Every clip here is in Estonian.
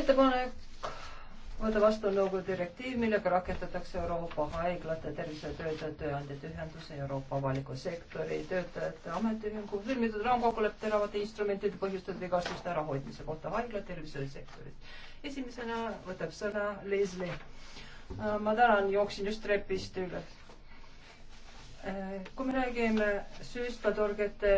ettepanek võtta vastu nõukogu direktiiv, millega rakendatakse Euroopa haiglate tervishoiutöötajate tööandjate ühenduse Euroopa avaliku sektori töötajate ametiühingu sõlmitud raamkokkuleppe teravate instrumentide põhjustatud vigastuste ärahoidmise kohta haigla tervishoiusektoris. esimesena võtab sõna Leslie. Äh, ma tänan, jooksin just trepist üles. Äh, kui me räägime süüstatorgete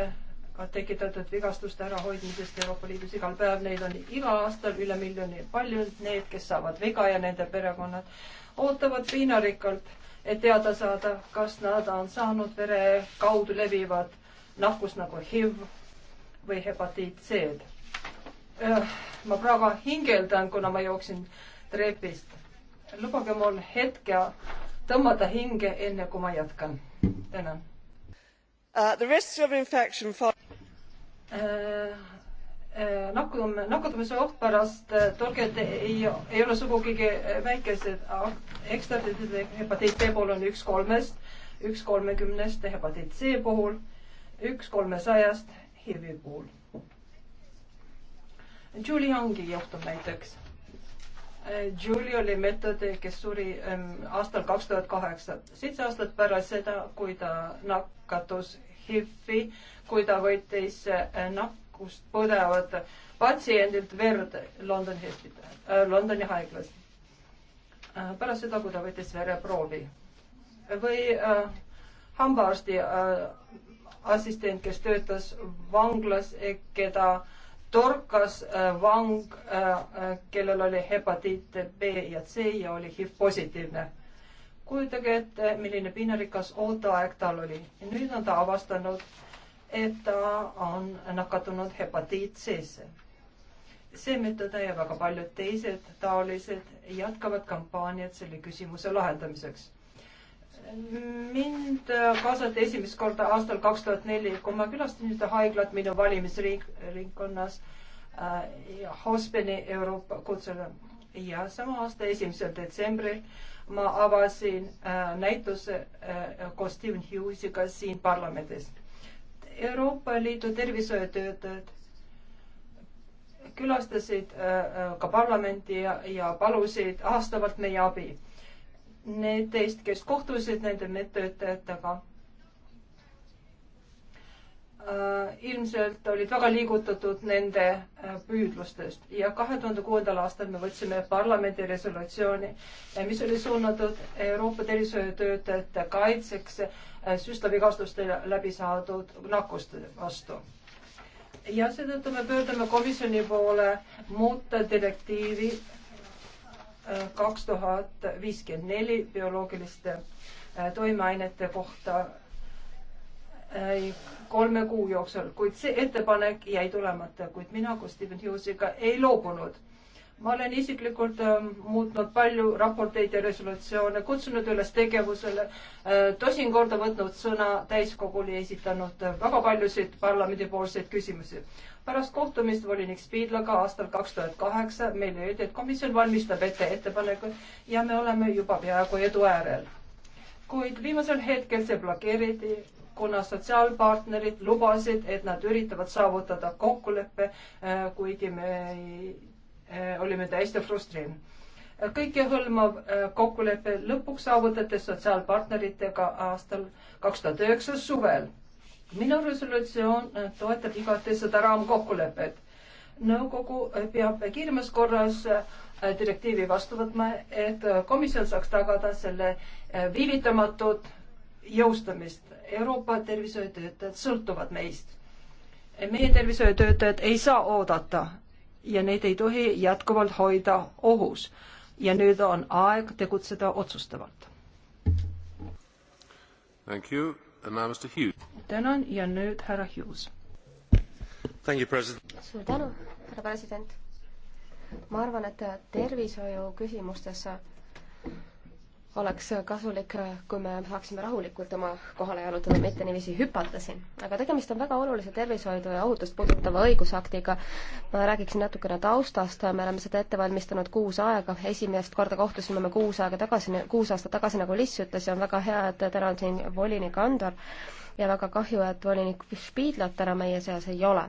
tekitatud vigastuste ärahoidmisest Euroopa Liidus igal päev, neid on igal aastal üle miljoni. paljud need, kes saavad viga ja nende perekonnad ootavad piinarikkalt, et teada saada, kas nad on saanud vere kaudu levivad nahkus nagu HIV või hepatiit C-d. Äh, ma praegu hingeldan, kuna ma jooksin trepist. lubage mul hetke tõmmata hinge, enne kui ma jätkan. tänan Uh, the risks of infection for uh, uh nakkum-, nakatumise oht pärast uh, tõrget ei, ei ole sugugi väikesed. eksterdid ütlevad, et hepatiit B puhul on üks kolmest, üks kolmekümnest, hepatiit C puhul üks kolmesajast, HIV-i puhul. Julie Youngi juhtum näiteks. Uh, Julie oli meetod, kes suri um, aastal kaks tuhat kaheksa, seitse aastat pärast seda, kui ta nakatus HIV-i, kui ta võttis äh, nakkust põdevat patsiendilt verd Londoni, äh, Londoni haiglas. Äh, pärast seda, kui ta võttis vereproovi või äh, hambaarsti äh, assistent, kes töötas vanglas, eh, keda torkas äh, vang äh,, kellel oli hepatiit B ja C ja oli HIV positiivne kujutage ette, milline piinarikas ooteaeg tal oli. nüüd on ta avastanud, et ta on nakatunud hepatiit C-sse. see metoda ja väga paljud teised taolised jätkavad kampaaniat selle küsimuse lahendamiseks. mind kaasati esimest korda aastal kaks tuhat neli, kui ma külastasin seda haiglat minu valimisringkonnas äh, Hospeni Euroopa kutsele ja sama aasta esimesel detsembril äh, ma avasin äh, näituse äh, koos Steven Hughesiga siin parlamendis. Euroopa Liidu tervishoiutöötajad külastasid äh, ka parlamenti ja, ja palusid haastavalt meie abi. Need teist, kes kohtusid nende medtöötajatega, Äh, ilmselt olid väga liigutatud nende äh, püüdlustest ja kahe tuhande kuuendal aastal me võtsime parlamendi resolutsiooni, äh, mis oli suunatud Euroopa tervishoiutöötajate kaitseks süstlavigastuste läbi saadud nakkuste vastu. ja seetõttu me pöördume komisjoni poole muuta direktiivi kaks tuhat viiskümmend neli bioloogiliste toimeainete kohta kolme kuu jooksul, kuid see ettepanek jäi tulemata, kuid mina koos Stephen Hughesiga ei loobunud. ma olen isiklikult äh, muutnud palju raporteid ja resolutsioone, kutsunud üles tegevusele äh,, tosin korda võtnud sõna täiskogule ja esitanud äh, väga paljusid parlamendipoolseid küsimusi. pärast kohtumist volinik Spiidlaga aastal kaks tuhat kaheksa meile öeldi, et komisjon valmistab ette ettepaneku ja me oleme juba peaaegu edu äärel kuid viimasel hetkel see blokeeriti kuna sotsiaalpartnerid lubasid, et nad üritavad saavutada kokkuleppe, äh, kuigi me ei, äh, olime täiesti frustreerinud. kõikehõlmav äh, kokkulepe lõpuks saavutati sotsiaalpartneritega aastal kaks tuhat üheksa suvel. minu resolutsioon toetab igati seda raamkokkulepet. nõukogu peab kiiremas korras direktiivi vastu võtma, et komisjon saaks tagada selle viivitamatut jõustamist. Euroopa tervishoiutöötajad sõltuvad meist. meie tervishoiutöötajad ei saa oodata ja neid ei tohi jätkuvalt hoida ohus. ja nüüd on aeg tegutseda otsustavalt. tänan ja nüüd härra Hughes. suur tänu, härra president. ma arvan, et tervishoiu küsimustes oleks kasulik, kui me saaksime rahulikult oma kohale jalutada, mitte niiviisi hüpata siin. aga tegemist on väga olulise tervishoidu ja ohutust puudutava õigusaktiga. ma räägiksin natukene taustast, me oleme seda ette valmistanud kuus aega, esimest korda kohtusime me kuus aega tagasi, kuus aastat tagasi, nagu Liss ütles, ja on väga hea, et täna on siin volinik Andor ja väga kahju, et volinik Spiidlat täna meie seas ei ole.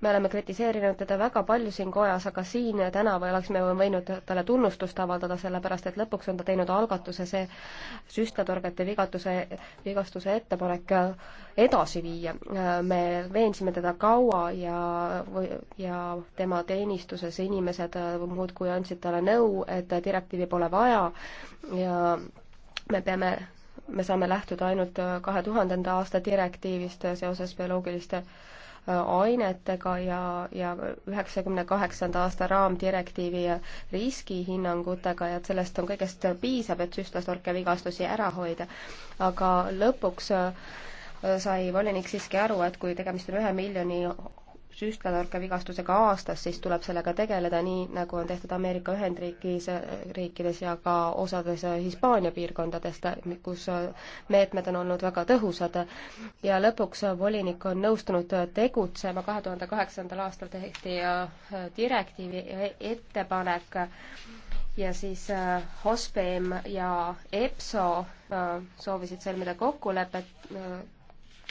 me oleme kritiseerinud teda väga palju siin kojas, aga siin täna või oleksime võinud talle tunnustust avaldada, sellepärast et lõpuks on ta teinud algatuse see süstlatorgete vigatuse, vigastuse ettepanek edasi viia. me veensime teda kaua ja, ja tema teenistuses inimesed muudkui andsid talle nõu, et direktiivi pole vaja ja me peame me saame lähtuda ainult äh, kahe tuhandenda aasta direktiivist äh, seoses bioloogiliste äh, ainetega ja, ja üheksakümne kaheksanda aasta raamdirektiivi riskihinnangutega ja et sellest on kõigest piisab, et süstlasorke vigastusi ära hoida. aga lõpuks sai volinik siiski aru, et kui tegemist on ühe miljoni süstlatarkavigastusega aastas, siis tuleb sellega tegeleda, nii nagu on tehtud Ameerika Ühendriigis, äh, riikides ja ka osades äh, Hispaania piirkondadest, kus äh, meetmed on olnud väga tõhusad. ja lõpuks volinik on nõustunud tegutsema, kahe tuhande kaheksandal aastal tehti direktiivi e-, ettepanek ja siis HOSPEM ja EPSO soovisid sõlmida kokkulepet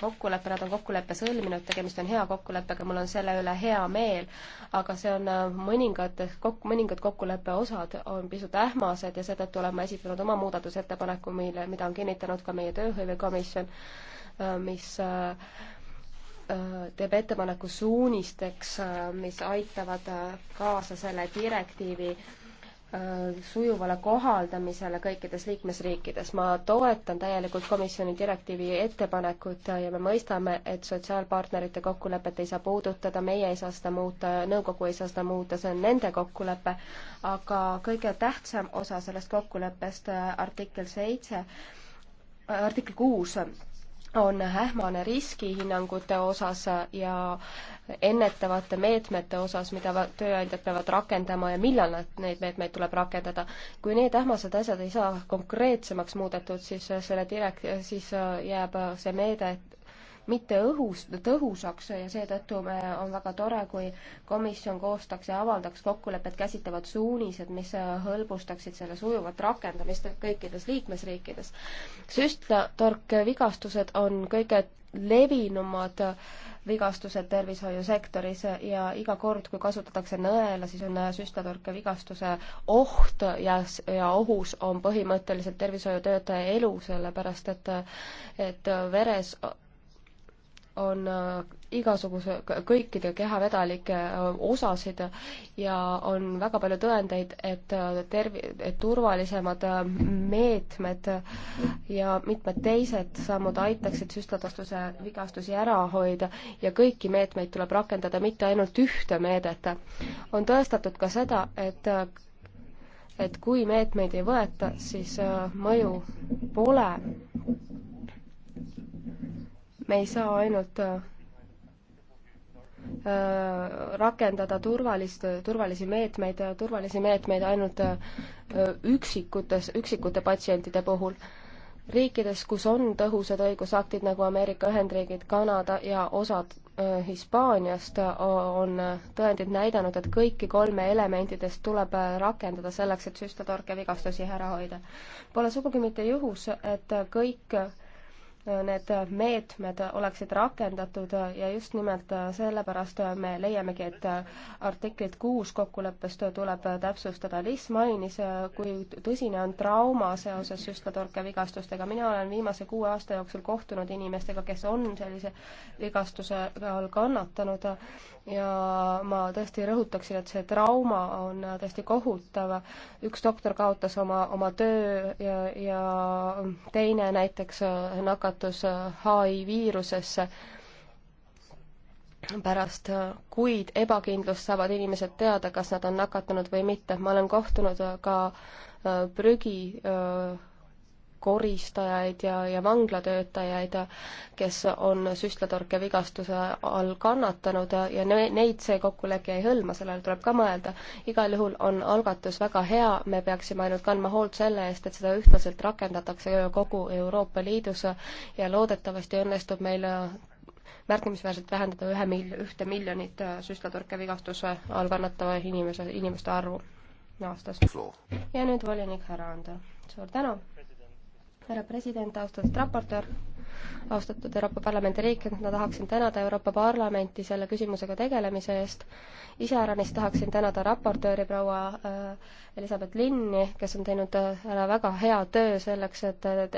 kokkuleppe, nad on kokkuleppe sõlminud, tegemist on hea kokkuleppega, mul on selle üle hea meel, aga see on äh, mõningad, kok-, mõningad kokkuleppe osad on pisut ähmased ja seetõttu olen ma esitanud oma muudatusettepaneku, mille, mida on kinnitanud ka meie tööhõivekomisjon, äh, mis äh, teeb ettepaneku suunisteks, mis aitavad kaasa selle direktiivi Äh, sujuvale kohaldamisele kõikides liikmesriikides. ma toetan täielikult komisjoni direktiivi ettepanekut ja me mõistame, et sotsiaalpartnerite kokkulepet ei saa puudutada, meie ei saa seda muuta, nõukogu ei saa seda muuta, see on nende kokkulepe, aga kõige tähtsam osa sellest kokkuleppest, äh, artikkel seitse, äh, artikkel kuus on ähmane riskihinnangute osas ja ennetavate meetmete osas, mida tööandjad peavad rakendama ja millal nad, neid meetmeid tuleb rakendada. kui need ähmased asjad ei saa konkreetsemaks muudetud, siis selle direk-, siis jääb see meede mitte õhus, tõhusaks ja seetõttu me, on väga tore, kui komisjon koostaks ja avaldaks kokkulepet käsitlevad suunised, mis hõlbustaksid selle sujuvat rakendamist kõikides liikmesriikides. süstlatorkvigastused on kõige levinumad vigastused tervishoiusektoris ja iga kord, kui kasutatakse nõela, siis on süstlatorke vigastuse oht ja, ja ohus on põhimõtteliselt tervishoiutöötaja elu, sellepärast et, et veres on äh, igasuguse, kõikide kehavedelike äh, osasid ja on väga palju tõendeid, et äh, tervi-, et turvalisemad meetmed ja mitmed teised sammud aitaksid süstlatastuse vigastusi ära hoida ja kõiki meetmeid tuleb rakendada, mitte ainult ühte meedet. on tõestatud ka seda, et et kui meetmeid ei võeta, siis mõju pole me ei saa ainult äh, rakendada turvalist, turvalisi meetmeid, turvalisi meetmeid ainult äh, üksikutes, üksikute patsientide puhul. riikides, kus on tõhusad õigusaktid nagu Ameerika Ühendriigid, Kanada ja osad äh, Hispaaniast, on tõendid näidanud, et kõiki kolme elementidest tuleb rakendada selleks, et süstatorke vigastusi ära hoida. Pole sugugi mitte juhus, et kõik need meetmed oleksid rakendatud ja just nimelt sellepärast me leiamegi, et artiklit kuus kokkuleppest tuleb täpsustada. Liis mainis, kui tõsine on trauma seoses süstlatorkevigastustega. mina olen viimase kuue aasta jooksul kohtunud inimestega, kes on sellise vigastuse all kannatanud ja ma tõesti rõhutaksin, et see trauma on tõesti kohutav. üks doktor kaotas oma, oma töö ja, ja teine näiteks nakatus HI viirusesse. pärast kuid ebakindlust saavad inimesed teada, kas nad on nakatunud või mitte. ma olen kohtunud ka prügi öö, äh, koristajaid ja, ja vanglatöötajaid, kes on süstlatorke vigastuse all kannatanud ja ne, neid see kokkulepe ei hõlma, sellele tuleb ka mõelda. igal juhul on algatus väga hea, me peaksime ainult kandma hoolt selle eest, et seda ühtlaselt rakendatakse kogu Euroopa Liidus ja loodetavasti õnnestub meil märkimisväärselt vähendada ühe mil-, ühte miljonit süstlatorke vigastuse all kannatava inimese, inimeste arvu aastas. ja nüüd volinik härra Ander, suur tänu! härra president, austatud raportöör, austatud Euroopa Parlamendi liikmed, ma tahaksin tänada Euroopa Parlamenti selle küsimusega tegelemise eest. iseäranis tahaksin tänada raportööri proua äh, Elizabeth Linni, kes on teinud äh, ära väga hea töö selleks, et, et,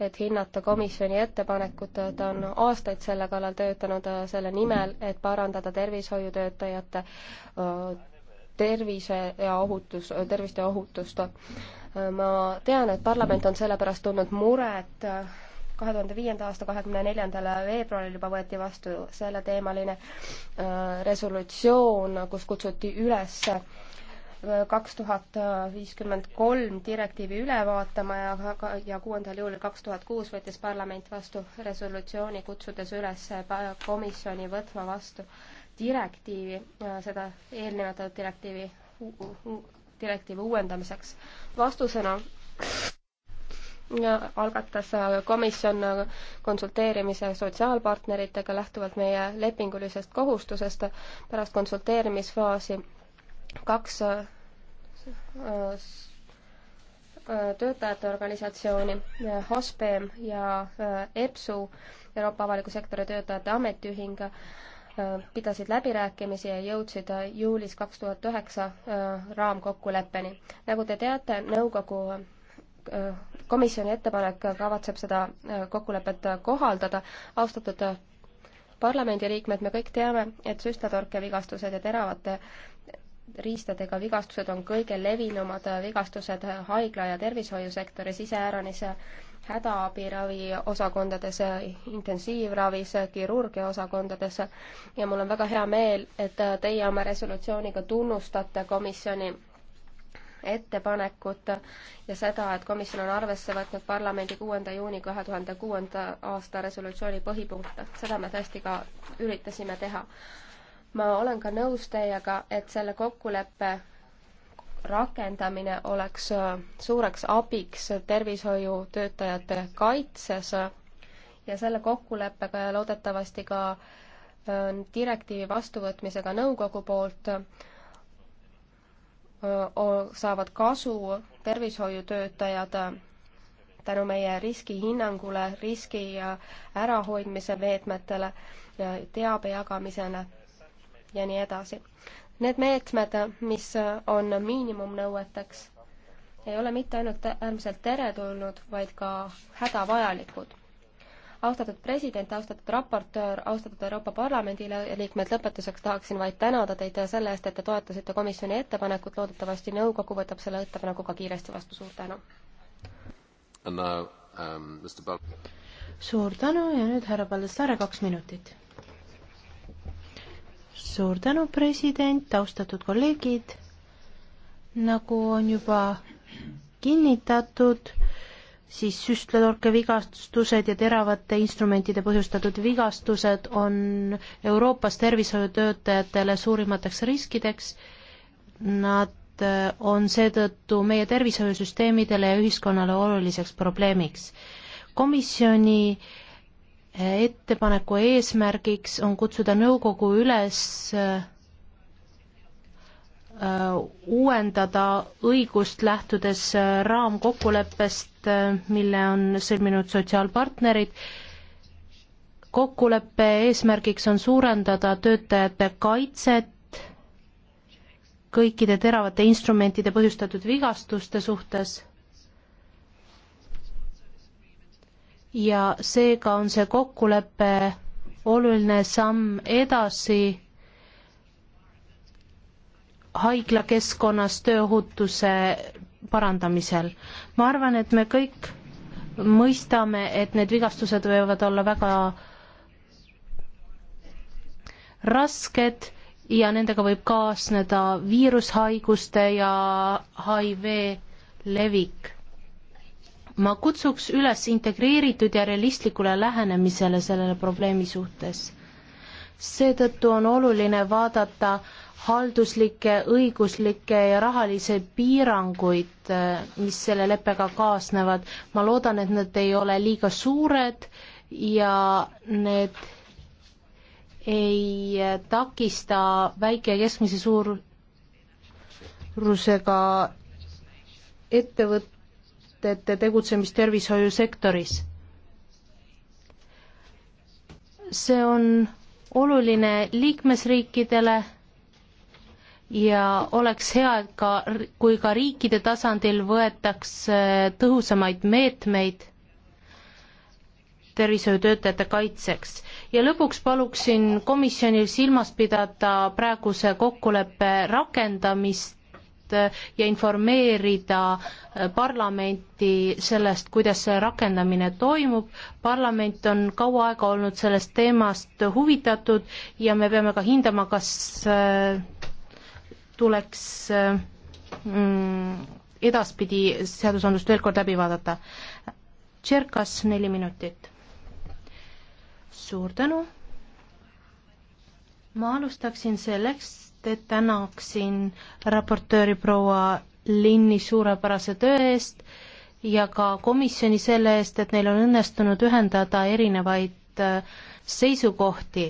et hinnata komisjoni ettepanekut. ta on aastaid selle kallal töötanud äh, selle nimel, et parandada tervishoiutöötajate tervise ja ohutus, tervist ja ohutust. ma tean, et parlament on selle pärast tundnud muret, kahe tuhande viienda aasta kahekümne neljandal veebruaril juba võeti vastu selleteemaline äh, resolutsioon, kus kutsuti üles äh, kaks tuhat viiskümmend kolm direktiivi üle vaatama ja, ja kuuendal juulil kaks tuhat kuus võttis parlament vastu resolutsiooni, kutsudes üles äh, komisjoni võtma vastu äh, direktiivi, äh, seda eelnimetatud direktiivi, direktiivi uuendamiseks. vastusena äh, algatas äh, komisjon konsulteerimise sotsiaalpartneritega lähtuvalt meie lepingulisest kohustusest pärast konsulteerimisfaasi kaks töötajate organisatsiooni, HOSPEM ja EPSU, Euroopa Avaliku Sektori Töötajate Ametiühing, pidasid läbirääkimisi ja jõudsid juulis kaks tuhat üheksa äh, raamkokkuleppeni. nagu te teate, nõukogu äh, komisjoni ettepanek kavatseb seda äh, kokkulepet kohaldada. austatud parlamendiliikmed, me kõik teame, et süstlatorkevigastused ja teravate riistadega vigastused on kõige levinumad vigastused haigla- ja tervishoiusektoris iseäranis hädaabiravi osakondades, intensiivravis, kirurgia osakondades ja mul on väga hea meel, et teie oma resolutsiooniga tunnustate komisjoni ettepanekut ja seda, et komisjon on arvesse võtnud parlamendi kuuenda juuni kahe tuhande kuuenda aasta resolutsiooni põhipunkte. seda me tõesti ka üritasime teha. ma olen ka nõus teiega, et selle kokkuleppe rakendamine oleks äh, suureks abiks tervishoiutöötajate kaitses ja selle kokkuleppega ja loodetavasti ka äh, direktiivi vastuvõtmisega nõukogu poolt äh, saavad kasu tervishoiutöötajad tänu meie riskihinnangule, riski ärahoidmise meetmetele, teabe jagamisele ja nii edasi. Need meetmed, mis on miinimumnõueteks, ei ole mitte ainult äärmiselt teretulnud, vaid ka hädavajalikud. austatud president, austatud raportöör, austatud Euroopa Parlamendi liikmed, lõpetuseks tahaksin vaid tänada teid selle eest, et te toetasite komisjoni ettepanekut, loodetavasti nõukogu võtab selle ettepaneku ka kiiresti vastu, suur tänu! Um, suur tänu ja nüüd härra Paldestare, kaks minutit suur tänu, president, austatud kolleegid. nagu on juba kinnitatud, siis süstlatorke vigastused ja teravate instrumentide põhjustatud vigastused on Euroopas tervishoiutöötajatele suurimateks riskideks. Nad eh, on seetõttu meie tervishoiusüsteemidele ja ühiskonnale oluliseks probleemiks. komisjoni äh, ettepaneku eesmärgiks on kutsuda nõukogu üles äh, uuendada õigust lähtudes äh, raamkokkuleppest, äh, mille on sõlminud sotsiaalpartnerid. kokkuleppe eesmärgiks on suurendada töötajate kaitset kõikide teravate instrumentide põhjustatud vigastuste suhtes ja seega on see kokkulepe oluline samm edasi haiglakeskkonnas tööohutuse parandamisel. ma arvan, et me kõik mõistame, et need vigastused võivad olla väga rasked ja nendega võib kaasneda viirushaiguste ja HIV levik ma kutsuks üles integreeritud ja realistlikule lähenemisele sellele probleemi suhtes. seetõttu on oluline vaadata halduslikke, õiguslikke ja rahalisi piiranguid, eh, mis selle leppega kaasnevad. ma loodan, et need ei ole liiga suured ja need ei takista väike ja keskmise suurusega ettevõtte ettevõtete tegutsemist tervishoiusektoris. see on oluline liikmesriikidele ja oleks hea, et ka, kui ka riikide tasandil võetaks eh, tõhusamaid meetmeid tervishoiutöötajate kaitseks. ja lõpuks paluksin komisjonil silmas pidada praeguse kokkuleppe rakendamist ja informeerida äh, parlamenti sellest, kuidas see rakendamine toimub. parlament on kaua aega olnud sellest teemast huvitatud ja me peame ka hindama, kas äh, tuleks äh, mm, edaspidi seadusandlust veel kord läbi vaadata. Tšerkas neli minutit. suur tänu. ma alustaksin selleks et tänaksin raportööri proua Linni suurepärase töö eest ja ka komisjoni selle eest, et neil on õnnestunud ühendada erinevaid äh, seisukohti.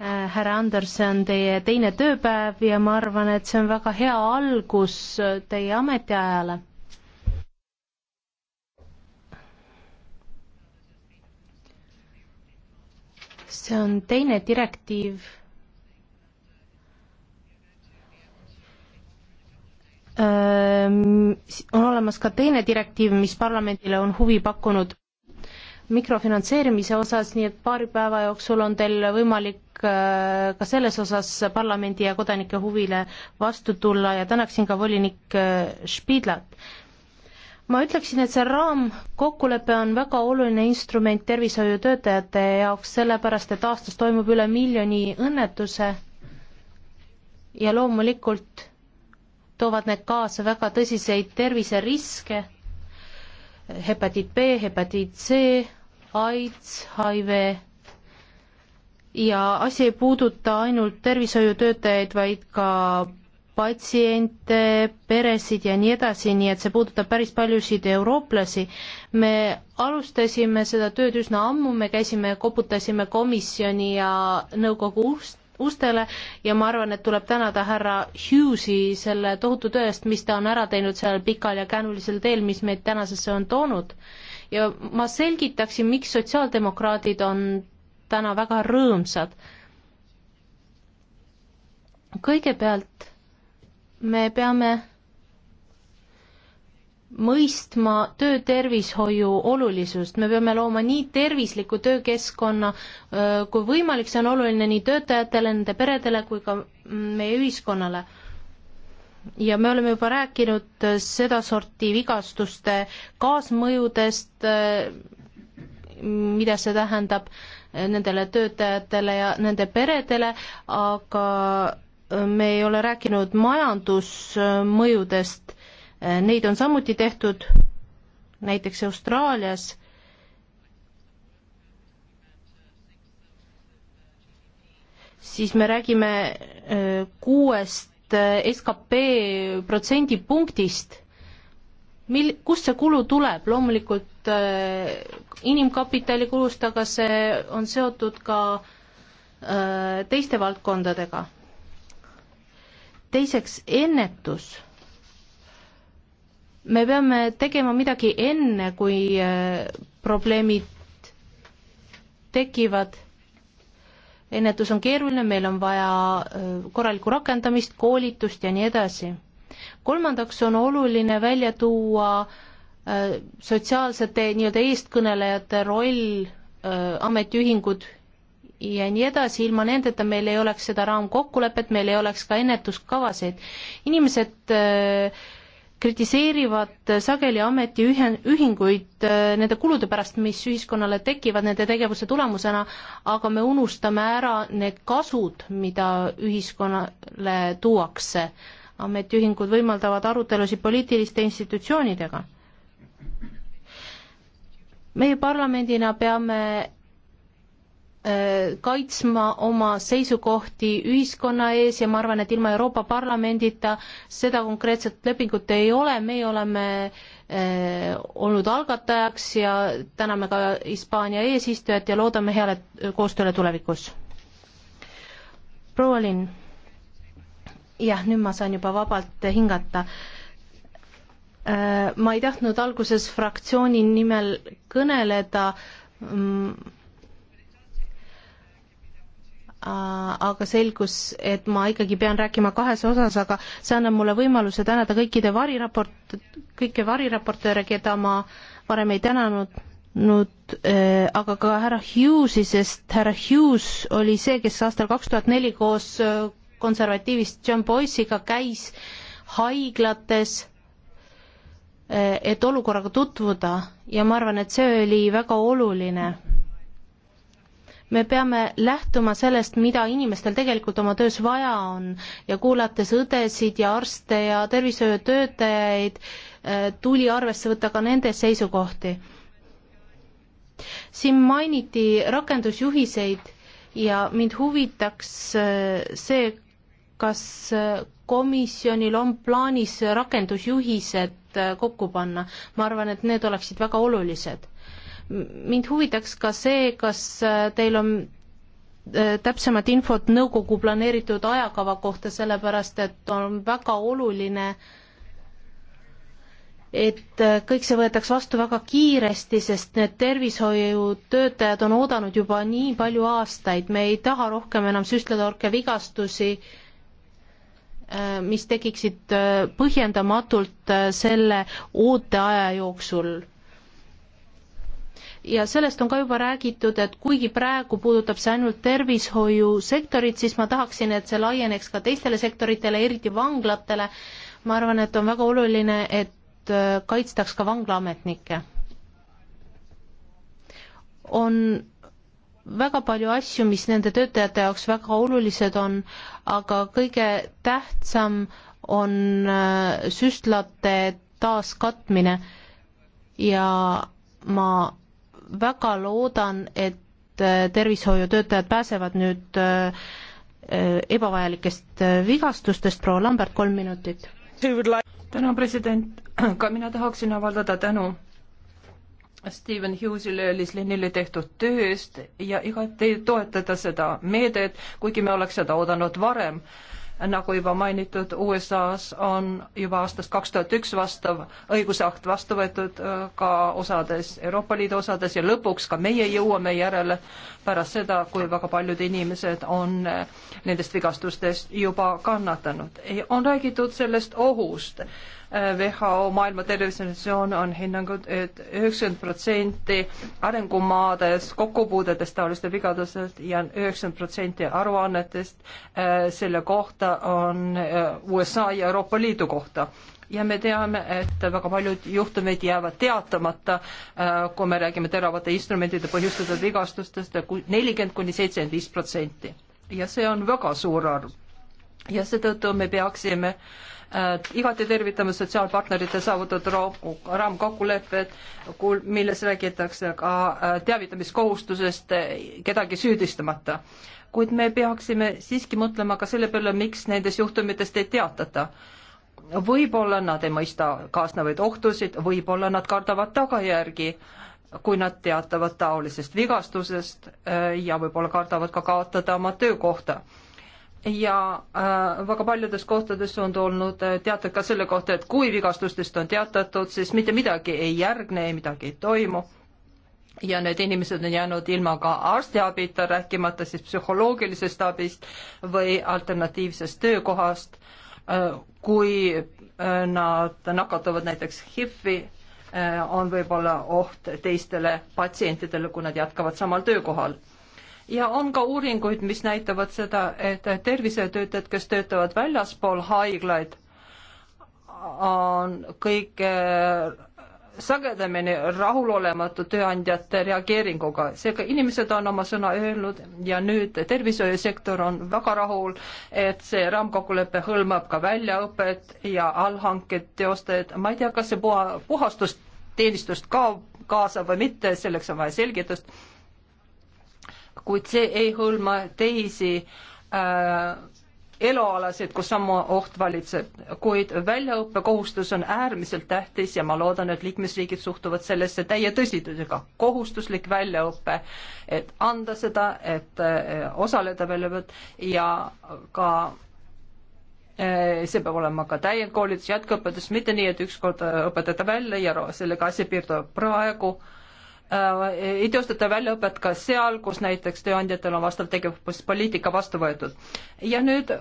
Äh, härra Anderson, teie teine tööpäev ja ma arvan, et see on väga hea algus äh, teie ametiajale. see on teine direktiiv on olemas ka teine direktiiv, mis parlamendile on huvi pakkunud mikrofinantseerimise osas, nii et paari päeva jooksul on teil võimalik ka selles osas parlamendi ja kodanike huvile vastu tulla ja tänaksin ka volinik Spidlat. ma ütleksin, et see raamkokkulepe on väga oluline instrument tervishoiutöötajate jaoks, sellepärast et aastas toimub üle miljoni õnnetuse ja loomulikult toovad need kaasa väga tõsiseid terviseriske, hepatiit B, hepatiit C, AIDS, HIV ja asi ei puuduta ainult tervishoiutöötajaid, vaid ka patsiente, peresid ja nii edasi, nii et see puudutab päris paljusid eurooplasi. me alustasime seda tööd üsna ammu, me käisime, koputasime komisjoni ja nõukogu ust ustele ja ma arvan, et tuleb tänada härra Hughes'i selle tohutu töö eest, mis ta on ära teinud sellel pikal ja käänulisel teel, mis meid tänasesse on toonud. ja ma selgitaksin, miks sotsiaaldemokraadid on täna väga rõõmsad. kõigepealt me peame mõistma töötervishoiu olulisust, me peame looma nii tervisliku töökeskkonna kui võimalik, see on oluline nii töötajatele, nende peredele kui ka mm, meie ühiskonnale. ja me oleme juba rääkinud sedasorti vigastuste kaasmõjudest, mida see tähendab nendele töötajatele ja nende peredele, aga me ei ole rääkinud majandusmõjudest Äh, neid on samuti tehtud näiteks Austraalias. siis me räägime äh, kuuest äh, skp protsendipunktist. mil-, kust see kulu tuleb, loomulikult inimkapitali kulust, aga see on seotud ka teiste valdkondadega. teiseks, ennetus me peame tegema midagi enne, kui äh, probleemid tekivad. ennetus on keeruline, meil on vaja äh, korralikku rakendamist, koolitust ja nii edasi. kolmandaks on oluline välja tuua äh, sotsiaalsete nii-öelda eestkõnelejate roll, ametiühingud ja nii edasi, ilma nendeta meil ei oleks seda raamkokkulepet, meil ei oleks ka ennetuskavasid. inimesed äh, kritiseerivad sageli ametiühinguid äh, nende kulude pärast, mis ühiskonnale tekivad nende tegevuse tulemusena, aga me unustame ära need kasud, mida ühiskonnale tuuakse. ametiühingud võimaldavad arutelusid poliitiliste institutsioonidega. meie parlamendina peame Äh, kaitsma oma seisukohti ühiskonna ees ja ma arvan, et ilma Euroopa Parlamendita seda konkreetset lepingut ei ole, meie oleme äh, olnud algatajaks ja täname ka Hispaania eesistujat ja loodame heale koostööle tulevikus. proua Linn. jah, nüüd ma saan juba vabalt hingata äh, ma ei tahtnud alguses fraktsiooni nimel kõneleda, mm, aga selgus, et ma ikkagi pean rääkima kahes osas, aga see annab mulle võimaluse tänada kõikide variraport, kõiki variraportööre, keda ma varem ei tänanud, nüüd äh, eh, aga ka härra Hughes'i, sest härra Hughes oli see, kes aastal kaks tuhat neli koos eh, konservatiivist John Boyce'iga käis haiglates, eh, et olukorraga tutvuda ja ma arvan, et see oli väga oluline me peame lähtuma sellest, mida inimestel tegelikult oma töös vaja on ja kuulates õdesid ja arste ja tervishoiutöötajaid, eh, tuli arvesse võtta ka nende seisukohti. siin mainiti rakendusjuhiseid ja mind huvitaks eh, see, kas eh, komisjonil on plaanis rakendusjuhised kokku panna, ma arvan, et need oleksid väga olulised mind huvitaks ka see, kas äh, teil on äh, täpsemat infot nõukogu planeeritud ajakava kohta, sellepärast et on väga oluline, et äh, kõik see võetaks vastu väga kiiresti, sest need tervishoiutöötajad on oodanud juba nii palju aastaid, me ei taha rohkem enam süstlatorke vigastusi, mis tekiksid põhjendamatult selle ooteaja jooksul ja sellest on ka juba räägitud, et kuigi praegu puudutab see ainult tervishoiusektorit, siis ma tahaksin, et see laieneks ka teistele sektoritele, eriti vanglatele. ma arvan, et on väga oluline, et äh, kaitstaks ka vanglaametnikke. on väga palju asju, mis nende töötajate jaoks väga olulised on, aga kõige tähtsam on äh, süstlate taaskatmine ja ma väga loodan, et äh, tervishoiutöötajad pääsevad nüüd äh, äh, ebavajalikest vigastustest, proua Lambert, kolm minutit. täna president, ka mina tahaksin avaldada tänu Steven Hughesile ja Liz Linnile tehtud töö eest ja igati toetada seda meedet, kuigi me oleks seda oodanud varem nagu juba mainitud, USA-s on juba aastast kaks tuhat üks vastav õigusakt vastu võetud äh, ka osades, Euroopa Liidu osades ja lõpuks ka meie jõuame järele pärast seda, kui väga paljud inimesed on äh, nendest vigastustest juba kannatanud. on räägitud sellest ohust WHO, Maailma Terviseorganisatsioon on hinnangud et, et üheksakümmend protsenti arengumaades kokkupuudetest taoliste vigadustest ja üheksakümmend protsenti aruannetest äh, selle kohta on äh, USA ja Euroopa Liidu kohta ja me teame, et väga paljud juhtumid jäävad teatamata, äh, kui me räägime teravate instrumentide põhjustatud vigastustest, nelikümmend kuni seitsekümmend viis protsenti. ja see on väga suur arv ja seetõttu me peaksime äh, igati tervitame sotsiaalpartnerite saavutatud raamkokkulepped, milles räägitakse ka äh, teavitamiskohustusest äh, kedagi süüdistamata. kuid me peaksime siiski mõtlema ka selle peale, miks nendest juhtumitest ei teatata. võib-olla nad ei mõista kaasnevaid ohtusid, võib-olla nad kardavad tagajärgi, kui nad teatavad taolisest vigastusest ja võib-olla kardavad ka kaotada oma töökohta ja äh, väga paljudes kohtades on tulnud äh, teated ka selle kohta, et kui vigastustest on teatatud, siis mitte midagi ei järgne, midagi ei toimu. ja need inimesed on jäänud ilma ka arstiabita, rääkimata siis psühholoogilisest abist või alternatiivsest töökohast äh,. kui äh, nad nakatuvad näiteks HIV-i äh,, on võib-olla oht teistele patsientidele, kui nad jätkavad samal töökohal ja on ka uuringuid, mis näitavad seda, et tervisetöötajad, kes töötavad väljaspool haiglaid, on kõige sagedamini rahulolematu tööandjate reageeringuga, seega inimesed on oma sõna öelnud ja nüüd tervishoiusektor on väga rahul, et see raamkokkulepe hõlmab ka väljaõpet ja allhanked, teostajad, ma ei tea, kas see puha, puhastusteenistust ka kaasa või mitte, selleks on vaja selgitust kuid see ei hõlma teisi äh, elualasid, kus sama oht valitseb, kuid väljaõppekohustus on äärmiselt tähtis ja ma loodan, et liikmesriigid suhtuvad sellesse täie tõsidusega. kohustuslik väljaõpe, et anda seda, et äh, osaleda väljaõpet ja ka äh, see peab olema ka täiendkoolitus, jätkuõpetus, mitte nii, et ükskord äh, õpetada välja ja sellega asi piirdub. praegu äh, Äh, ei teostata väljaõpet ka seal, kus näiteks tööandjatel on vastav tegevuspoliitika vastu võetud. ja nüüd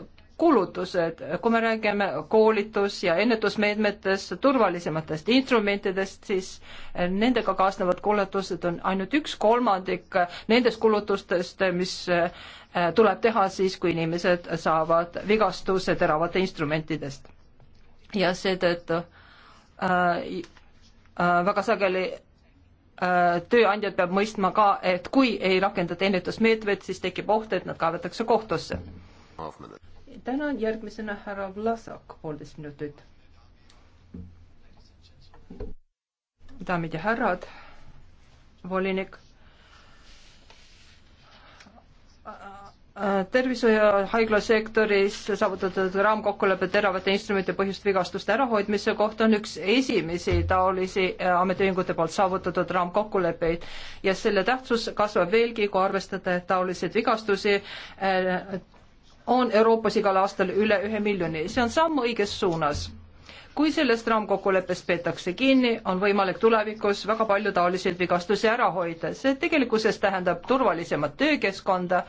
kulutused, kui me räägime koolitus- ja ennetusmeetmetest, turvalisematest instrumentidest, siis äh, nendega kaasnevad kulutused on ainult üks kolmandik nendest kulutustest, mis äh, tuleb teha siis, kui inimesed saavad vigastuse teravate instrumentidest. ja seetõttu äh, äh, väga sageli Äh, tööandjad peab mõistma ka, et kui ei rakendata ennetusmeetmeid, siis tekib oht, et nad kaevatakse kohtusse. tänan, järgmisena härra Vlasak, poolteist minutit. daamid ja härrad, volinik Äh, tervishoiu haiglasektoris saavutatud raamkokkulepe teravate instrumente põhjust vigastuste ärahoidmise kohta on üks esimesi taolisi äh, ametiühingute poolt saavutatud raamkokkuleppeid ja selle tähtsus kasvab veelgi, kui arvestada, et taoliseid vigastusi äh, on Euroopas igal aastal üle ühe miljoni. see on samm õiges suunas kui sellest raamkokkuleppest peetakse kinni, on võimalik tulevikus väga palju taoliseid vigastusi ära hoida. see tegelikkuses tähendab turvalisemat töökeskkonda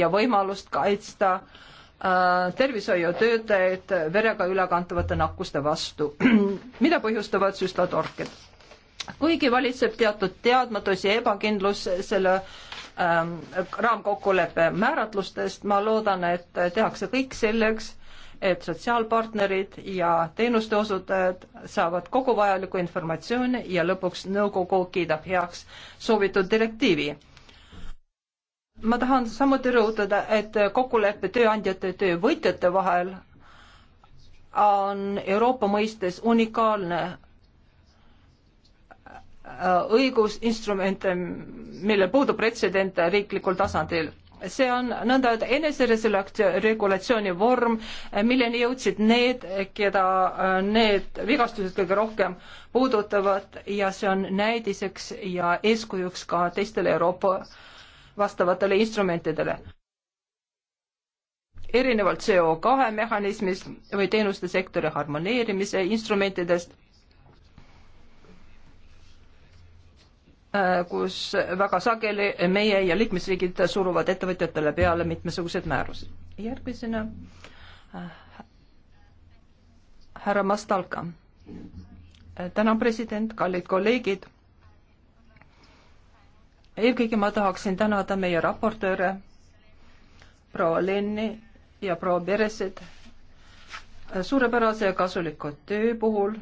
ja võimalust kaitsta äh, tervishoiutöötajaid verega ülekantavate nakkuste vastu, mida põhjustavad süstlatorked. kuigi valitseb teatud teadmatus ja ebakindlus selle ähm, raamkokkuleppe määratlustest, ma loodan, et tehakse kõik selleks, et sotsiaalpartnerid ja teenuste osutajad saavad kogu vajaliku informatsiooni ja lõpuks nõukogu kiidab heaks soovitud direktiivi. ma tahan samuti rõhutada, et kokkulepe tööandjate ja töövõtjate vahel on Euroopa mõistes unikaalne äh, õigusinstrument, millel puudub pretsedent riiklikul tasandil see on nõnda öelda eneseregulatsiooni vorm, milleni jõudsid need, keda äh, need vigastused kõige rohkem puudutavad ja see on näidiseks ja eeskujuks ka teistele Euroopa vastavatele instrumentidele erinevalt CO2 mehhanismist või teenuste sektori harmoneerimise instrumentidest Äh, kus väga sageli meie ja liikmesriigid suruvad ettevõtjatele peale mitmesugused määrused. järgmisena äh, härra Mastalka. tänan, president, kallid kolleegid. eelkõige ma tahaksin tänada meie raportööre, proua Lenni ja proua Pereset suurepärase ja kasuliku töö puhul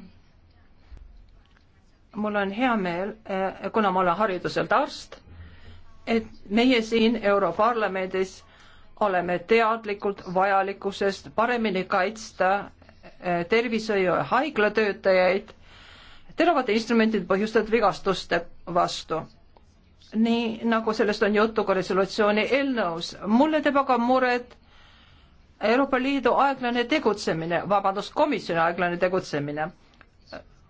mul on hea meel, eh, kuna ma olen hariduselt arst, et meie siin Europarlamendis oleme teadlikult vajalikkusest paremini kaitsta eh, tervishoiu ja haiglatöötajaid teravate instrumentide põhjustatud vigastuste vastu. nii nagu sellest on juttu ka resolutsiooni eelnõus, mulle teeb aga muret Euroopa Liidu aeglane tegutsemine, vabandust, komisjoni aeglane tegutsemine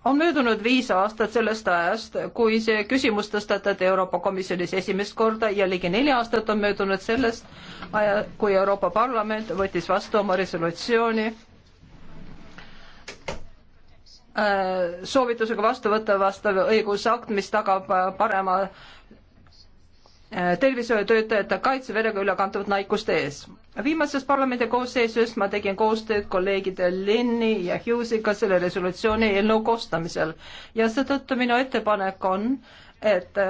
on möödunud viis aastat sellest ajast, kui see küsimus tõstatati Euroopa Komisjonis esimest korda ja ligi neli aastat on möödunud sellest aja, kui Euroopa Parlament võttis vastu oma resolutsiooni äh, soovitusega vastu võtta vastav õigusakt, mis tagab äh, parema tervishoiutöötajate kaitseverega üle kantud naikuste ees. viimases parlamendi koosseisus ma tegin koostööd kolleegide Lenni ja Hughesiga selle resolutsiooni eelnõu koostamisel ja seetõttu minu ettepanek on, et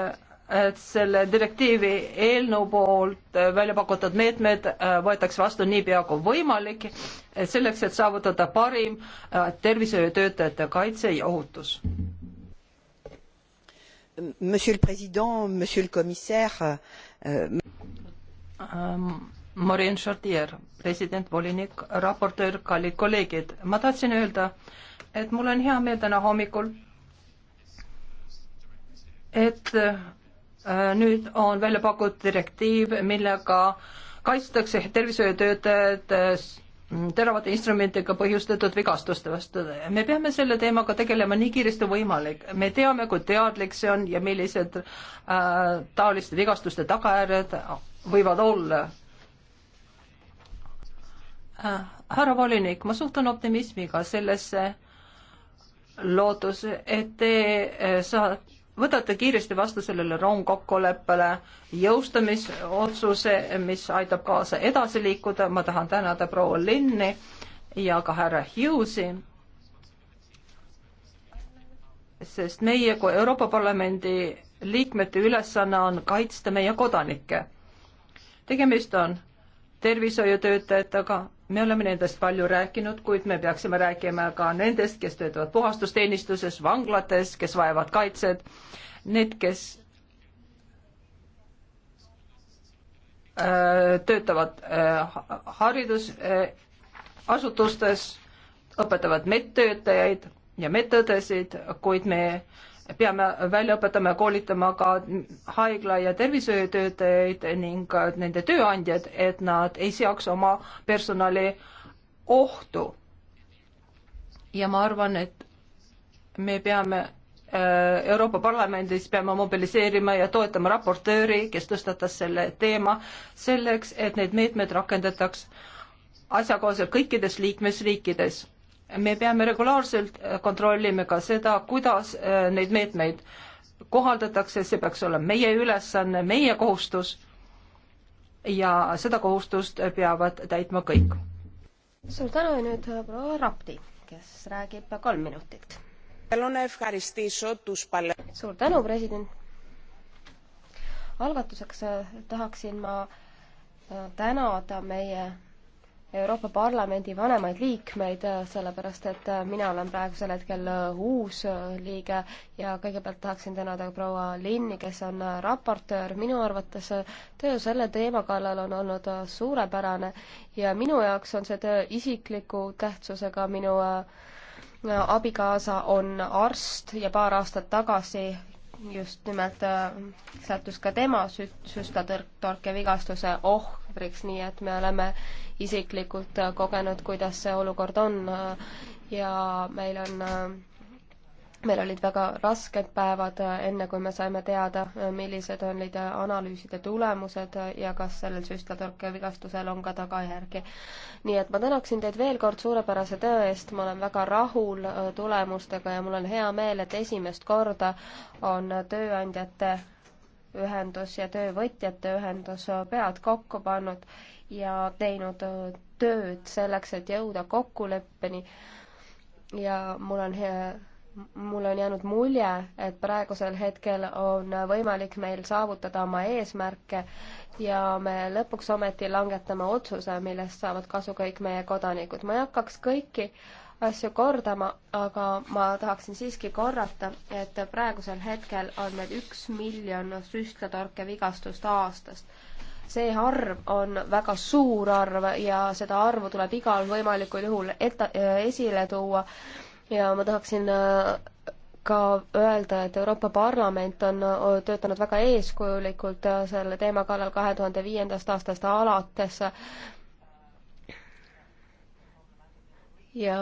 et selle direktiivi eelnõu poolt välja pakutud meetmed äh, võetakse vastu niipea kui võimalik, selleks et saavutada parim äh, tervishoiutöötajate kaitse ja ohutus monsieur le président monsieur le commissaire euh, ähm, Maureen Chartier, president, volinik, raportöör, kallid kolleegid. ma tahtsin öelda, et mul on hea meel täna hommikul, et äh, nüüd on välja pakutud direktiiv, millega kaitstakse tervishoiutöötajad teravate instrumentidega põhjustatud vigastuste vastu. me peame selle teemaga tegelema nii kiiresti võimalik. me teame, kui teadlik see on ja millised äh, taoliste vigastuste tagajärjed võivad olla äh,. härra volinik, ma suhtun optimismiga sellesse lootuse, et te äh, saate võtate kiiresti vastu sellele raamkokkuleppele jõustamisotsuse, mis aitab kaasa edasi liikuda, ma tahan tänada proua Linni ja ka härra Hughesi, sest meie kui Euroopa Parlamendi liikmete ülesanne on kaitsta meie kodanikke. tegemist on tervishoiutöötajatega, me oleme nendest palju rääkinud, kuid me peaksime rääkima ka nendest, kes töötavad puhastusteenistuses, vanglates, kes vajavad kaitset, need, kes äh, töötavad äh, haridusasutustes, õpetavad medtöötajaid ja medõdesid, kuid me peame välja õpetama ja koolitama ka haigla- ja tervishoiutöötajaid ning nende tööandjad, et nad ei seaks oma personali ohtu. ja ma arvan, et me peame äh, Euroopa Parlamendis peame mobiliseerima ja toetama raportööri, kes tõstatas selle teema, selleks et need meetmed rakendataks asjakohaselt kõikides liikmesriikides me peame regulaarselt äh, kontrollima ka seda, kuidas äh, neid meetmeid kohaldatakse, see peaks olema meie ülesanne, meie kohustus ja seda kohustust peavad täitma kõik. suur tänu ja nüüd äh, proua Rapti, kes räägib kolm minutit. suur tänu, president. algatuseks tahaksin ma tänada meie Euroopa Parlamendi vanemaid liikmeid, sellepärast et mina olen praegusel hetkel uus liige ja kõigepealt tahaksin tänada proua Linni, kes on raportöör. minu arvates töö selle teema kallal on olnud suurepärane ja minu jaoks on see töö isikliku tähtsusega, minu abikaasa on arst ja paar aastat tagasi just nimelt äh, sattus ka tema süstatorke vigastuse ohvriks, nii et me oleme isiklikult äh, kogenud, kuidas see olukord on äh, ja meil on meil olid väga rasked päevad, äh, enne kui me saime teada, äh, millised olid äh, analüüside tulemused ja kas sellel süstlatorke vigastusel on ka tagajärgi. nii et ma tänaksin teid veel kord suurepärase töö eest, ma olen väga rahul tulemustega ja mul on hea meel, et esimest korda on tööandjate ühendus ja töövõtjate ühendus pead kokku pannud ja teinud tööd selleks, et jõuda kokkuleppeni. ja mul on hea mul on jäänud mulje, et praegusel hetkel on võimalik meil saavutada oma eesmärke ja me lõpuks ometi langetame otsuse, millest saavad kasu kõik meie kodanikud. ma ei hakkaks kõiki asju kordama, aga ma tahaksin siiski korrata, et praegusel hetkel on meil üks miljon süstlatorkevigastust aastast see arv on väga suur arv ja seda arvu tuleb igal võimalikul juhul ette, esile tuua ja ma tahaksin äh, ka öelda, et Euroopa Parlament on äh, töötanud väga eeskujulikult äh, selle teema kallal kahe tuhande viiendast aastast alates. ja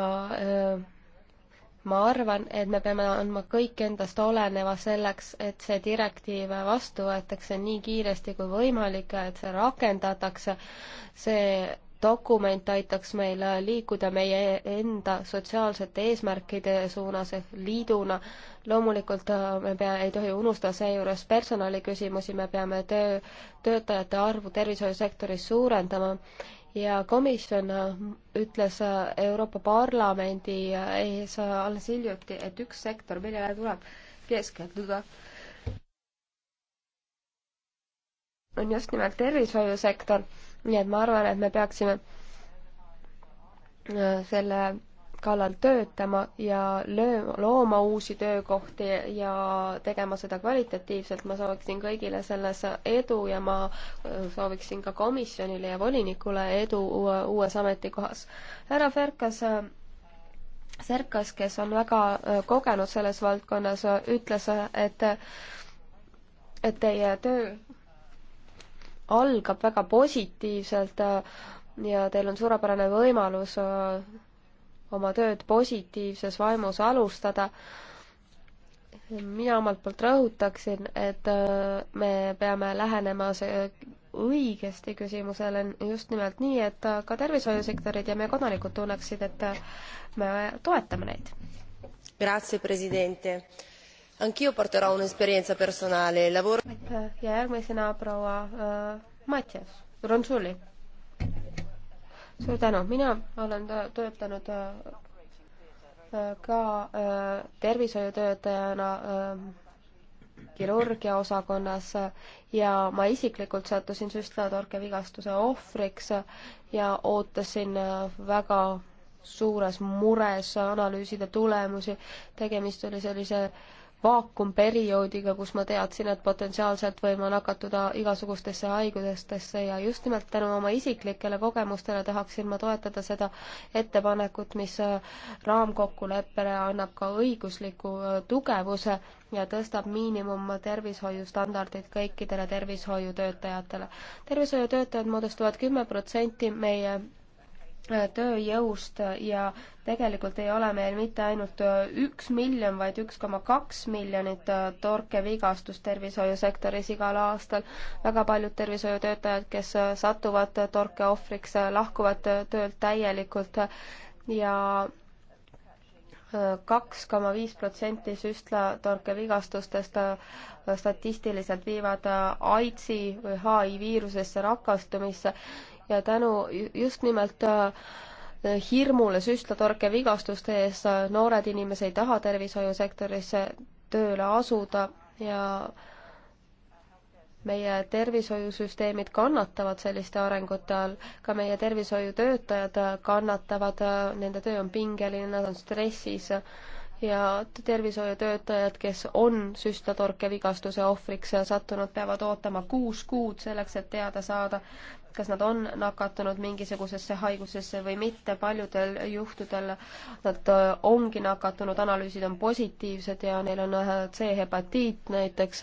ma arvan, et me peame andma kõik endast oleneva selleks, et see direktiiv vastu võetakse nii kiiresti kui võimalik, et see rakendatakse. see dokument aitaks meil liikuda meie enda sotsiaalsete eesmärkide suunas liiduna. loomulikult äh, me pea, ei tohi unustada seejuures personaliküsimusi, me peame töö, töötajate arvu tervishoiusektoris suurendama ja komisjon äh, ütles äh, Euroopa Parlamendi ees alles hiljuti, et üks sektor, millele tuleb keskenduda on just nimelt tervishoiusektor, nii et ma arvan, et me peaksime äh, selle kallal töötama ja lööma, looma uusi töökohti ja tegema seda kvalitatiivselt, ma sooviksin kõigile selles edu ja ma äh, sooviksin ka komisjonile ja volinikule edu uues ametikohas. härra Ferkas, äh, Serkas, kes on väga kogenud selles valdkonnas, ütles, et et teie töö algab väga positiivselt äh, ja teil on suurepärane võimalus äh, oma tööd positiivses vaimus alustada. mina omalt poolt rõhutaksin, et äh, me peame lähenema see õigesti küsimusele just nimelt nii, et ka tervishoiusektorid ja meie kodanikud tunneksid, et me toetame neid. Grazie, president Anch'io porterò un'esperienza personale. Lavoro... ja järgmisena proua äh, Matjas Ronsuli. suur tänu, mina olen töötanud äh, äh, ka äh, tervishoiutöötajana äh, kirurgia osakonnas äh, ja ma isiklikult sattusin süstlatorkevigastuse ohvriks äh, ja ootasin äh, väga suures mures analüüside tulemusi. tegemist oli sellise äh, vaakumperioodiga, kus ma teadsin, et potentsiaalselt võin ma nakatuda igasugustesse haigustesse ja just nimelt tänu oma isiklikele kogemustele tahaksin ma toetada seda ettepanekut, mis äh, raamkokkuleppele annab ka õigusliku äh, tugevuse ja tõstab miinimum tervishoiustandardid kõikidele tervishoiutöötajatele. tervishoiutöötajad moodustavad kümme protsenti meie Äh, tööjõust ja tegelikult ei ole meil mitte ainult äh, üks miljon, vaid üks koma kaks miljonit äh, torkevigastust tervishoiusektoris igal aastal. väga paljud tervishoiutöötajad, kes satuvad torke ohvriks, lahkuvad töölt täielikult ja kaks koma viis protsenti süstlatorkevigastustest statistiliselt viivad AIDSi või HI viirusesse rakastumisse ja tänu just nimelt äh, hirmule süstlatorke vigastuste ees äh, noored inimesed ei taha tervishoiusektorisse tööle asuda ja meie tervishoiusüsteemid kannatavad selliste arengute all, ka meie tervishoiutöötajad äh, kannatavad, nende töö on pingeline, nad on stressis ja tervishoiutöötajad, kes on süstlatorke vigastuse ohvriks sattunud, peavad ootama kuus kuud selleks, et teada saada, kas nad on nakatunud mingisugusesse haigusesse või mitte, paljudel juhtudel nad äh, ongi nakatunud, analüüsid on positiivsed ja neil on äh, C-hepatiit näiteks.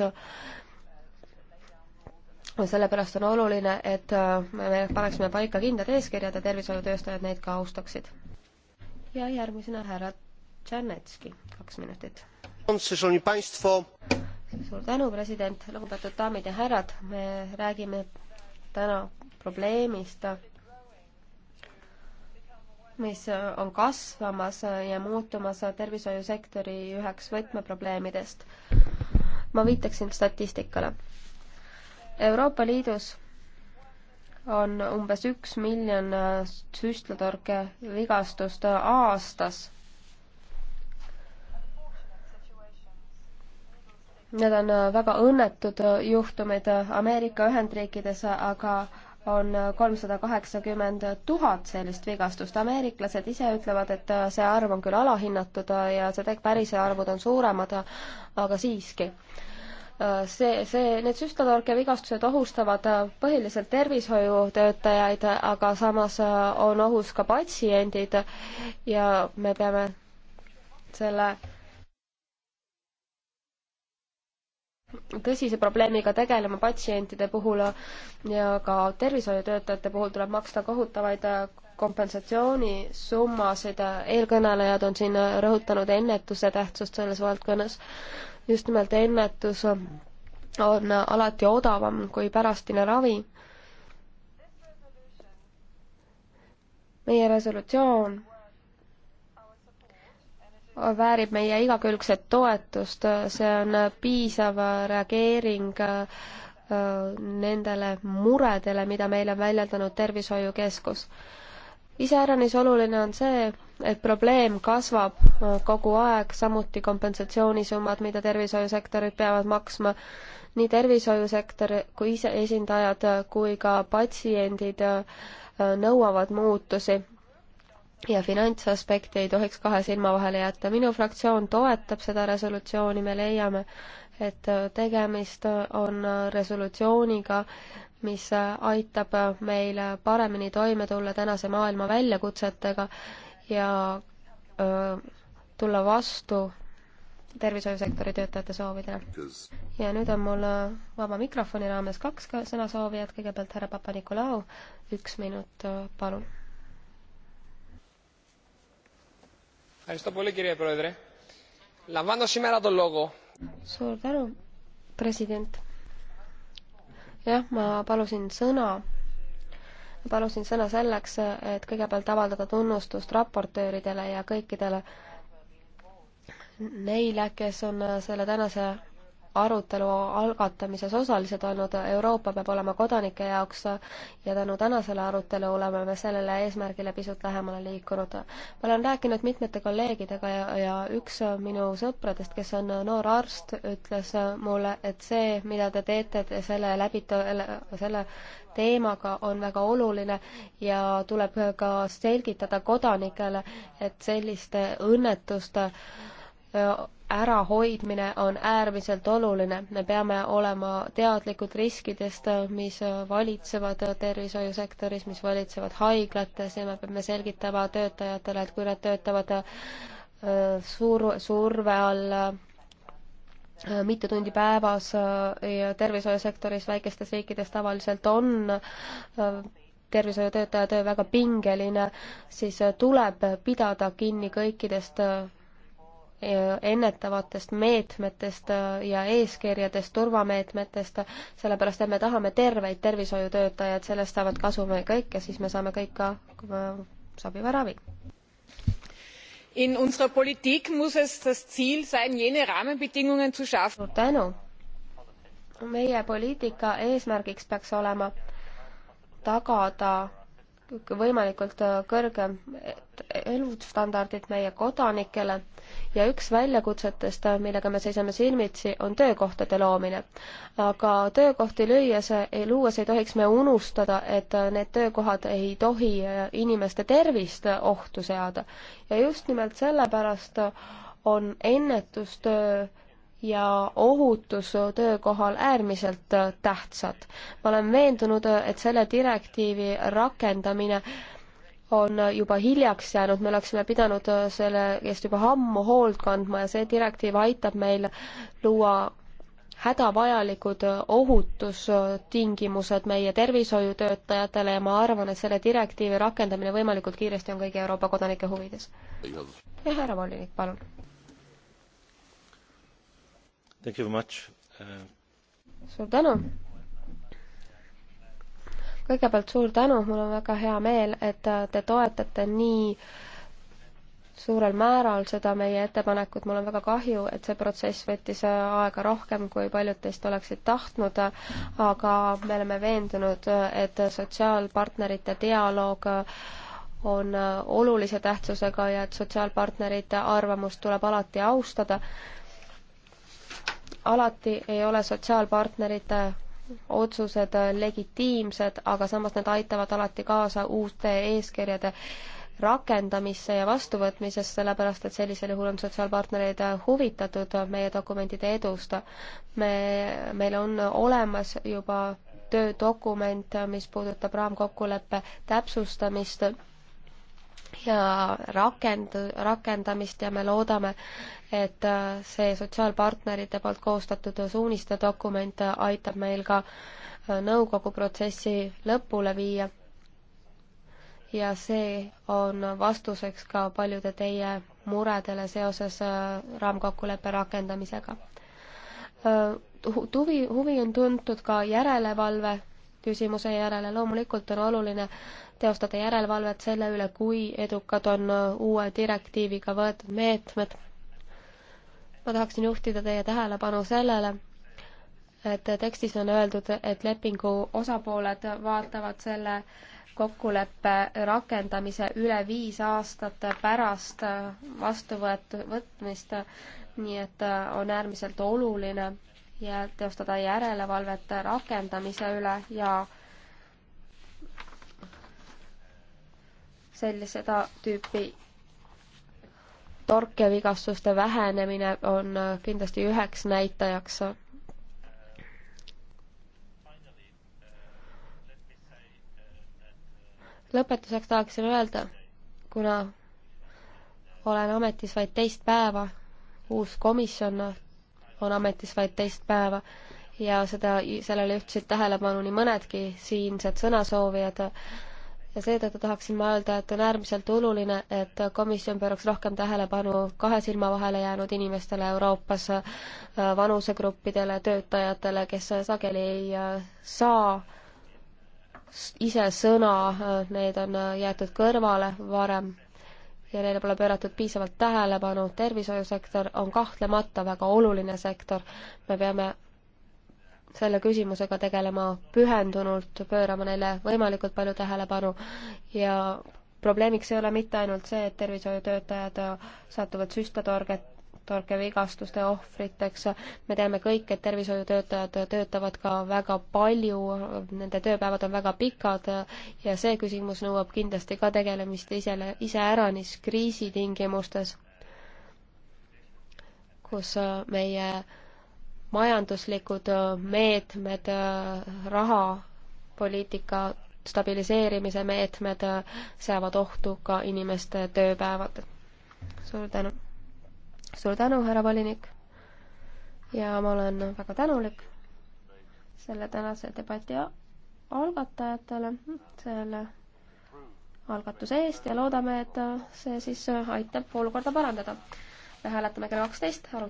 sellepärast on oluline, et äh, me paneksime paika kindlad eeskirjad ja tervishoiutöötajad neid ka austaksid. ja järgmisena härra Tšernetski, kaks minutit. suur tänu, president, lugupeetud daamid ja härrad, me räägime täna probleemist, mis on kasvamas ja muutumas tervishoiusektori üheks võtmeprobleemidest. ma viitaksin statistikale. Euroopa Liidus on umbes üks miljon süstlatorke vigastust aastas Need on äh, väga õnnetud äh, juhtumid äh, Ameerika Ühendriikides, aga on kolmsada kaheksakümmend tuhat sellist vigastust. ameeriklased ise ütlevad, et see arv on küll alahinnatud ja see teg-, pärise arvud on suuremad, aga siiski. see, see, need süstlatorke vigastused ohustavad põhiliselt tervishoiutöötajaid, aga samas on ohus ka patsiendid ja me peame selle tõsise probleemiga tegelema patsientide puhul ja ka tervishoiutöötajate puhul tuleb maksta kohutavaid kompensatsioonisummasid. eelkõnelejad on siin rõhutanud ennetuse tähtsust selles valdkonnas. just nimelt ennetus on alati odavam kui pärastine ravi meie resolutsioon väärib meie igakülgset toetust, see on piisav reageering äh, nendele muredele, mida meile on väljendanud tervishoiukeskus. iseäranis oluline on see, et probleem kasvab äh, kogu aeg, samuti kompensatsioonisummad, mida tervishoiusektorid peavad maksma, nii tervishoiusektor kui ise esindajad äh, kui ka patsiendid nõuavad muutusi ja finantsaspekti ei tohiks kahe silma vahele jätta. minu fraktsioon toetab seda resolutsiooni, me leiame, et tegemist on resolutsiooniga, mis aitab meil paremini toime tulla tänase maailma väljakutsetega ja öö, tulla vastu tervishoiusektori töötajate soovidele. ja nüüd on mul vaba mikrofoni raames kaks sõnasoovijat, kõigepealt härra Papa-Nikolau, üks minut, palun suur tänu, president. jah, ma palusin sõna, palusin sõna selleks, et kõigepealt avaldada tunnustust raportööridele ja kõikidele neile, kes on selle tänase arutelu algatamises osalised olnud, Euroopa peab olema kodanike jaoks ja tänu tänasele arutelule oleme me sellele eesmärgile pisut lähemale liikunud. ma olen rääkinud mitmete kolleegidega ja, ja üks minu sõpradest, kes on noor arst, ütles mulle, et see, mida te teete te selle läbi, selle teemaga on väga oluline ja tuleb ka selgitada kodanikele, et selliste õnnetuste ärahoidmine on äärmiselt oluline. me peame olema teadlikud riskidest, mis valitsevad tervishoiusektoris, mis valitsevad haiglates ja me peame selgitama töötajatele, et kui nad töötavad äh, sur-, surve all äh, mitu tundi päevas äh, ja tervishoiusektoris väikestes riikides tavaliselt on tervishoiutöötaja töö väga pingeline, siis tuleb pidada kinni kõikidest ennetavatest meetmetest ja eeskirjadest, turvameetmetest, sellepärast et me tahame terveid tervishoiutöötajaid, sellest saavad kasu me kõik ja siis me saame kõik ka sobiva ravi. In unserer Politik muss es das Ziel sein, jene Rahmenbedingungen zu schaffen. suur tänu! meie poliitika eesmärgiks peaks olema tagada võimalikult äh, kõrge elustandardid meie kodanikele ja üks väljakutsetest, äh, millega me seisame silmitsi, on töökohtade loomine. aga töökohti lüües, äh, luues ei tohiks me unustada, et need töökohad ei tohi inimeste tervist ohtu seada. ja just nimelt sellepärast on ennetustöö ja ohutus töökohal äärmiselt tähtsad. ma olen veendunud, et selle direktiivi rakendamine on juba hiljaks jäänud, me oleksime pidanud selle eest juba ammu hoolt kandma ja see direktiiv aitab meil luua hädavajalikud ohutustingimused meie tervishoiutöötajatele ja ma arvan, et selle direktiivi rakendamine võimalikult kiiresti on kõigi Euroopa kodanike huvides. jah, härra volinik, palun Uh, suur tänu! kõigepealt suur tänu, mul on väga hea meel, et te toetate nii suurel määral seda meie ettepanekut, mul on väga kahju, et see protsess võttis aega rohkem, kui paljud teist oleksid tahtnud, aga me oleme veendunud, et sotsiaalpartnerite dialoog on olulise tähtsusega ja et sotsiaalpartnerite arvamust tuleb alati austada alati ei ole sotsiaalpartnerite otsused legitiimsed, aga samas need aitavad alati kaasa uute eeskirjade rakendamisse ja vastuvõtmisest, sellepärast et sellisel juhul on sotsiaalpartnereid huvitatud meie dokumentide edust. me, meil on olemas juba töödokument, mis puudutab raamkokkuleppe täpsustamist rakend-, rakendamist ja me loodame, et äh, see sotsiaalpartnerite poolt koostatud suuniste dokument aitab meil ka äh, nõukogu protsessi lõpule viia. ja see on vastuseks ka paljude teie muredele seoses äh, raamkokkuleppe rakendamisega. Huvi, huvi on tuntud ka järelevalve küsimuse järele. loomulikult on oluline teostada järelevalvet selle üle, kui edukad on äh, uue direktiiviga võetud meetmed. ma tahaksin juhtida teie tähelepanu sellele, et tekstis on öeldud, et lepingu osapooled vaatavad selle kokkuleppe rakendamise üle viis aastat pärast äh, vastuvõetu, võtmist, nii et äh, on äärmiselt oluline ja teostada järelevalvet rakendamise üle ja sellise seda tüüpi torkevigastuste vähenemine on kindlasti üheks näitajaks lõpetuseks tahaksin öelda, kuna olen ametis vaid teist päeva, uus komisjon on ametis vaid teist päeva ja seda, sellele juhtisid tähelepanu nii mõnedki siinsed sõnasoovijad. ja seetõttu tahaksin ma öelda, et on äärmiselt oluline, et komisjon pööraks rohkem tähelepanu kahe silma vahele jäänud inimestele Euroopas, vanusegruppidele, töötajatele, kes sageli ei äh, saa ise sõna, äh, need on äh, jäetud kõrvale varem ja neile pole pööratud piisavalt tähelepanu. tervishoiusektor on kahtlemata väga oluline sektor. me peame selle küsimusega tegelema pühendunult, pöörama neile võimalikult palju tähelepanu ja probleemiks ei ole mitte ainult see, et tervishoiutöötajad satuvad süstatorget tarkevigastuste ohvriteks. me teame kõik, et tervishoiutöötajad töötavad ka väga palju, nende tööpäevad on väga pikad ja see küsimus nõuab kindlasti ka tegelemist isele, iseäranis kriisitingimustes, kus meie majanduslikud meetmed, rahapoliitika stabiliseerimise meetmed seavad ohtu ka inimeste tööpäevad. suur tänu! suur tänu, härra volinik. ja ma olen väga tänulik selle tänase debati algatajatele selle algatuse eest ja loodame, et see siis aitab olukorda parandada. hääletame kell kaksteist, arutame.